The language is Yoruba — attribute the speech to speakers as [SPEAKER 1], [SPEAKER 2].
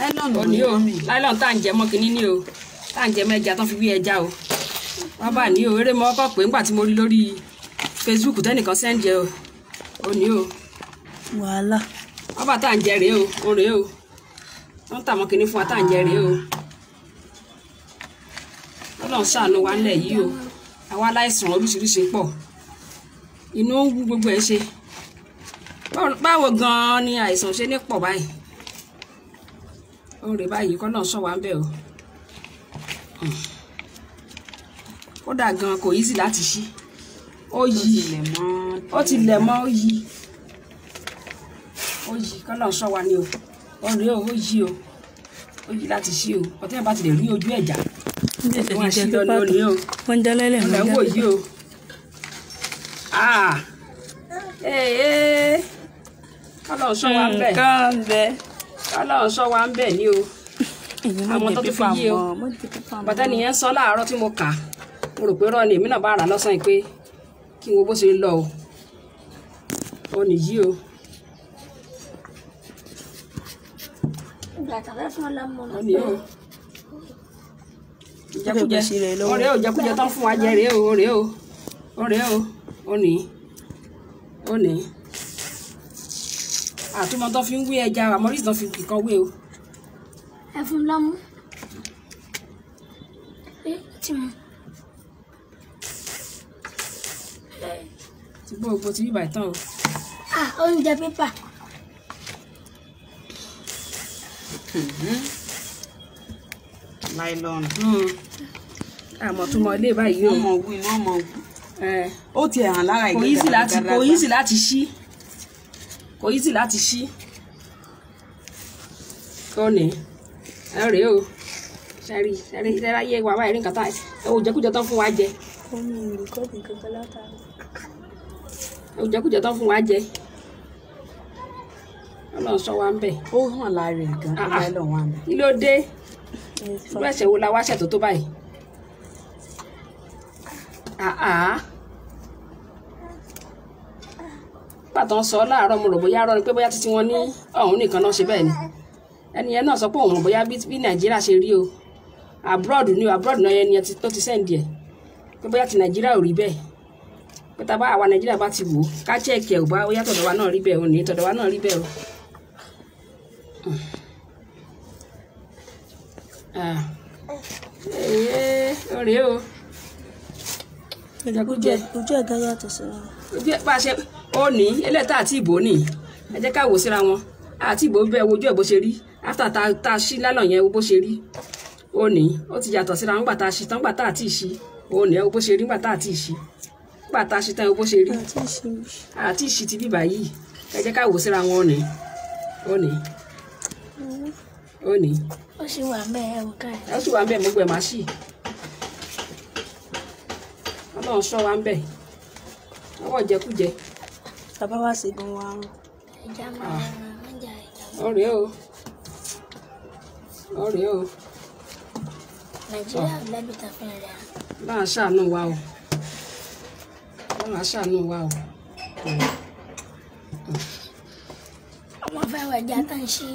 [SPEAKER 1] láìlọ́nù òní o láìlọ́nù tá à ń jẹ mọ́ kínní ni o tá à ń jẹ mẹ́ja tán fi wí ẹja o wọ́n bá ní o eré mọ́ ọkọ̀ pé ńgbà tí mo rí lórí Facebook tẹ́nìkan sẹ́ńjẹ o òní o. wàhálà. wọ́n bá tá à ń jẹ rèé o o rèé o wọ́n tà mọ́ kínní fún wa tá à ń jẹ rèé o ọlọ́run ṣàánú wa nílẹ̀ yìí o àwa aláìsàn oríṣiríṣi pọ̀ inú wú gbogbo ẹ̀ ṣe báwo gan-an ni àìsàn ṣe ní pọ̀ báyìí ó ń rè báyìí kọ́ náà sọ wá ń bẹ̀ o kódà gan kò easy láti ṣí ó yí ó ti lẹ̀ mọ́ ó yí ó yí kọ́ náà sọ wá ni o ó rè ó yí o ó yí láti ṣí o ọ̀tẹ́ bá ti lè rí ojú ẹ̀já wọ́n á ṣí lọ ní òní o wọ́n dálẹ́lẹ̀ wọ́n dálẹ́wò yí o ah. ee eh, eh. kọ́ sọ wá bẹ́ẹ̀. nǹkan bẹ́ẹ̀ ọlọ́run sọ wa ń bẹ̀ ní o àwọn tó tó fi yé o bàtà nìyẹn sọ láàárọ̀ tí mo kà mo rò pé rọ́ọ̀nì èmi náà bá rà lọ́sàn yìí pé kí n wo bó ṣe lọ o ò nìyí o. jẹkújẹ ọ̀rẹ́ o jẹkújẹ tán fún wa jẹ rèé o rèé o rèé o ò ní ò ní àtúmọ̀ tó fi ń wé ẹja Maurice tó fi kíkan wé o. ẹ̀fun lámú ẹ ti mú. ti gbọ́ òpó ti bí ìbàtàn o. ah oúnjẹ pépà. láìlọ́nù. àmọ́ tó mọ ilé báyìí o. ọmọ wí ni ọmọ wí. ó ti hàn lára ìgbésẹ̀ gàdàgbà. kò yí sí láti ṣí kò easy láti ṣí kọ́ni ẹ rèé o sẹ́rí sẹ́rí sẹ́rí ayé wa báyìí rí nǹkan tá ẹ ò jẹkújẹ tán fún wa jẹ. ẹ ò jẹkújẹ tán fún wa jẹ ọlọ́run sọ wa ń bẹ̀. ó hàn lára nǹkan tó bá lọ wà mí. kí ló dé irú ẹ̀ṣẹ̀ wo la wá ṣètò tó báyìí. Ah, ah. pàtó ń sọ láàárọ̀ mo rò bóyá rọ ni pé bóyá títí wọn ní ọ̀hún nìkan náà ṣe bẹ́ẹ̀ ni ẹni yẹn náà sọ pé òun bóyá bí nàìjíríà ṣe rí o abroad ni o abroad náà yẹn ni tó ti sẹ́ǹdì ẹ̀ pé bóyá ti nàìjíríà ò rí bẹ́ẹ̀ pé tá bá àwa nàìjíríà bá ti wò ó ká chẹ́ẹ̀kì ẹ̀ ò bá bóyá tọ̀dọ̀ wa náà rí bẹ́ẹ̀ o ní tọ̀dọ̀ wa náà rí bẹ́ẹ̀ o. ẹ̀ẹ́ ọ̀rẹ́ o ojú ẹ̀gá yàtọ̀ sí wa. ojú ẹ̀ òní eléyìí tá àti ìbò ní ẹ jẹ́ ká wò síra wọn àti ìbò bẹ́ẹ̀ wojú ẹ̀ bó ṣe rí after tá a ṣí lálọ́ yẹn bó ṣe rí òní ó ti yàtọ̀ síra wọn gbà tá a ṣí tán gbà tá a ti ṣí òní ẹ bó ṣe rí gbà tá a ti ṣí gbà tá a ṣí tán bó ṣe rí àti ìṣí ti bíbà yìí ẹ jẹ́ ká wò síra wọn òní òní òní. ó sì wà ń bẹ ẹ wò ká ẹ. ó sì wà ń bẹ gbogbo ẹ máa ṣì ọlọ́run ṣọ́ wa ń bẹ ọwọ́ jẹkújẹ bàbá wa ṣe gan wa rún. ẹja máa ń ra oúnjẹ ìjàmbá. ọ̀rẹ́ o ọ̀rẹ́ o. nàìjíríà ta fún ẹ̀rẹ́ à. báà ṣàánú wa o báà ṣàánú wa o. ọmọ fẹ́ wẹ̀ jẹ́ àtàǹṣe.